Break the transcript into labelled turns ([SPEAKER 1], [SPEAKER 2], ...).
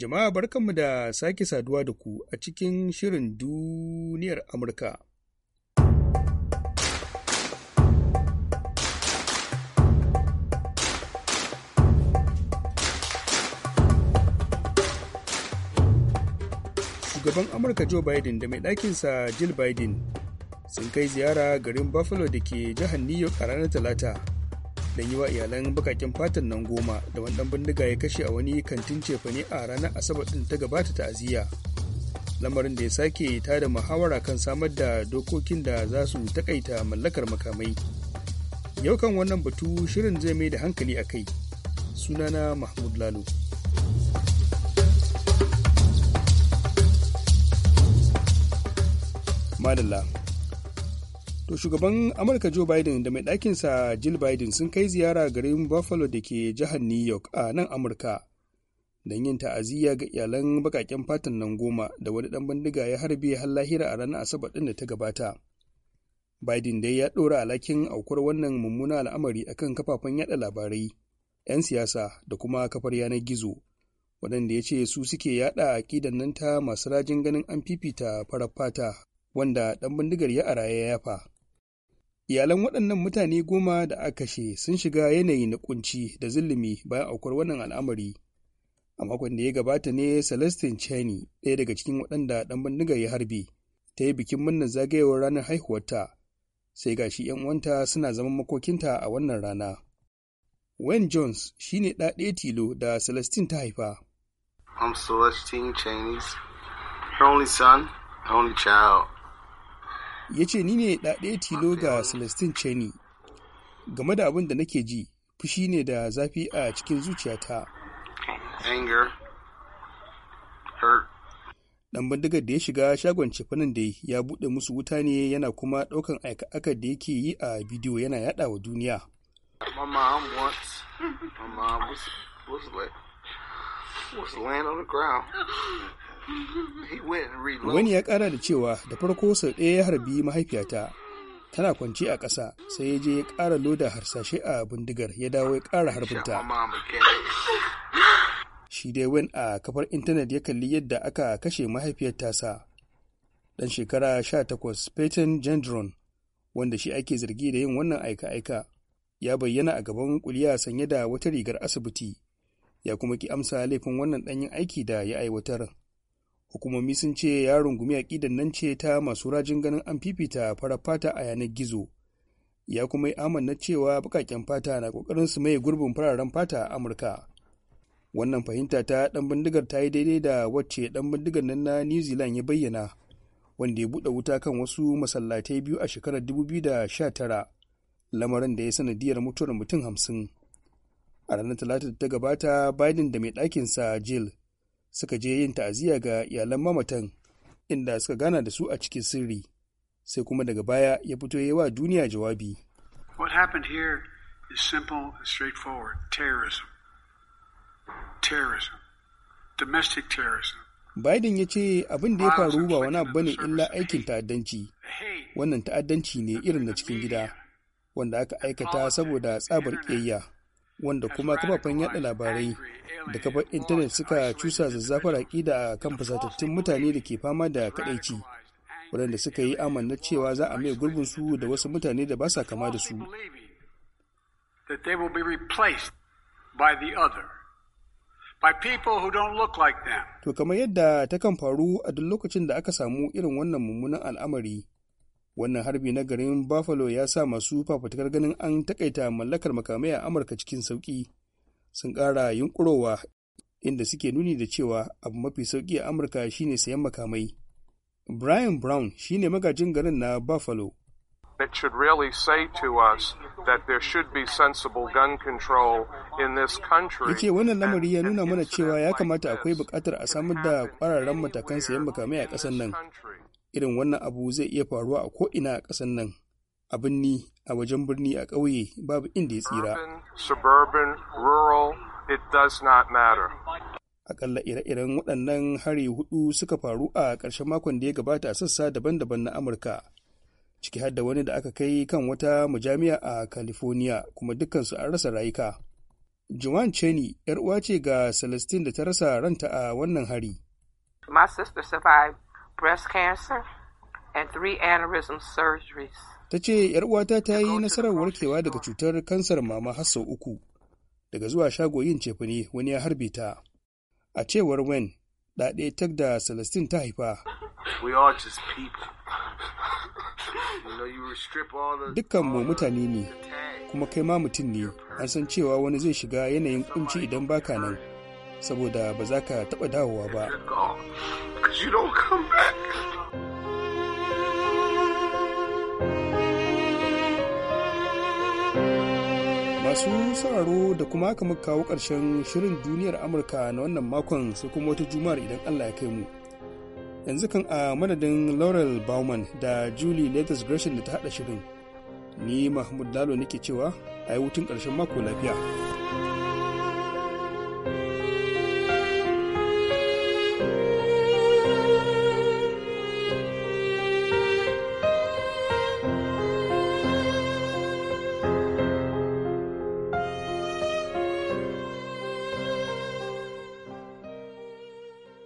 [SPEAKER 1] Jama'a barkanmu da sake saduwa da ku a cikin shirin duniyar Amurka. Shugaban Amurka Joe Biden da mai ɗakinsa Jill Biden sun kai ziyara garin Buffalo da ke jihar New York a ranar Talata. don yi wa iyalan bukakin fatan nan goma da wani bindiga ya kashe a wani kantin cefane a ranar asabar din ta gabata ta'aziyya lamarin da ya sake ta da muhawara kan samar da dokokin da za su takaita mallakar makamai yau kan wannan batu shirin zai mai da hankali a kai sunana mahmud lalo madalla to shugaban amurka joe biden da mai ɗakinsa jill biden sun kai ziyara garin buffalo da ke jihar new york a nan amurka don yin ta'aziyya ga iyalan baƙaƙen fatan nan goma da wani ɗan bindiga ya harbe har lahira a ranar asabar ɗin da ta gabata biden dai ya ɗora alakin aukuwar wannan mummuna al'amari akan kafafen yada labarai 'yan siyasa da kuma kafar yanar gizo waɗanda ya ce su suke yaɗa aƙidan nan ta masu rajin ganin an fifita farar fata wanda ɗan bindigar ya araya ya yafa iyalan waɗannan mutane goma da aka kashe sun shiga yanayi na kunci da zulumi bayan aukuwar wannan al'amari a makon da ya gabata ne celestin Cheney ɗaya daga cikin waɗanda ɗan bindigar ya harbi ta yi bikin murnar zagayewar ranar haihuwarta sai ga shi uwanta suna zaman makokinta a wannan rana wayne jones shine ɗa ɗaya tilo da celestin ta haifa I'm Celestine Chinese, her only son, her only child. ya ce ni ne ɗaɗe tilo ga celestine cheney game da abin da nake ji fushi ne da zafi a cikin zuciyata dan bindigar da ya shiga shagon cefanin da ya buɗe musu wuta ne yana kuma ɗaukan aika da yake yi a bidiyo yana yaɗa wa duniya Wani ya kara da cewa da farko sau ɗaya ya harbi mahaifiyata tana kwance a ƙasa sai ya je ya ƙara loda harsashe a bindigar ya dawo ya ƙara harbinta. Shi dai wen a kafar intanet ya kalli yadda aka kashe mahaifiyar tasa. Ɗan shekara 18 Peyton Gendron wanda shi ake zargi da yin wannan aika-aika ya bayyana a gaban kuliya sanye da wata rigar asibiti ya kuma ki amsa laifin wannan ɗanyen aiki da ya aiwatar. hukumomi sun ce ya rungumi aƙidan nan ce ta masu rajin ganin an fifita farar fata a yanar gizo ya kuma yi amanna cewa bukaken fata na kokarin su mai gurbin fararen fata a amurka wannan fahimta ta ɗan bindigar ta yi daidai da wacce dan bindigar nan na new zealand ya bayyana wanda ya buɗe wuta kan wasu masallatai biyu a shekarar 2019 lamarin da ya sanadiyar mutuwar mutum hamsin a ranar talata da ta gabata biden da mai ɗakinsa jill suka je yin ta'aziyya ga iyalan mamatan inda suka gana da su a cikin sirri sai kuma daga baya ya fito yi wa duniya jawabi. What happened here is simple and Domestic terrorism. Biden ya ce abin da ya faru ba wani abu bane illa aikin ta'addanci. Wannan ta'addanci ne irin na cikin gida wanda aka aikata saboda tsabar ƙiyayya wanda kuma kafafen yada labarai da kafar intanet suka cusa zazzafar aƙida a kan fasatattun mutane da ke fama da kadaici waɗanda suka yi amanna cewa za a mai gurbin su da wasu mutane da ba sa kama da su To kamar yadda ta kan faru a duk lokacin da aka samu irin wannan mummunan al'amari, wannan harbi na garin Buffalo ya sa masu fafutukar ganin an takaita mallakar makamai a Amurka cikin sauƙi. sun ƙara yunkurowa inda suke nuni da cewa abu mafi sauƙi a amurka shine sayan makamai brian brown shine magajin garin na buffalo it should really say to us that there should be sensible gun control in this country. Yace wannan lamari ya nuna mana cewa ya kamata akwai buƙatar a samar da ƙwararren matakan sayan makamai a ƙasar nan. Irin wannan abu zai iya faruwa a ko'ina a ƙasar nan. a ni a wajen birni a ƙauye babu inda ya tsira. Akalla ire-iren waɗannan hari hudu suka faru a ƙarshen makon da ya gabata a sassa daban-daban na Amurka, ciki har da wani da aka kai kan wata mujamiya a California kuma dukkansu an rasa rayuka. Joan Cheney, 'yar uwa ce ga Celestine da ta rasa ranta a wannan hari. My sister survived breast cancer. Ta ce uwata ta yi nasarar warkewa daga cutar kansar mama har sau uku, daga zuwa shago yin cefane wani ya harbe ta. A cewar Wen, ɗaɗe tag da Celestine ta haifa. Dukkan mu mutane ne, kuma kai ma mutum ne, an san cewa wani zai shiga yanayin kunci idan baka nan, saboda ba za ka taɓa dawowa ba. masu sauraro da kuma haka muka kawo ƙarshen shirin duniyar amurka na wannan makon sai kuma wata juma'ar idan allah ya kai mu yanzu kan a madadin laurel bauman da julie latest gresham da ta haɗa shirin ni mahmud lalo nake cewa a yi hutun ƙarshen mako lafiya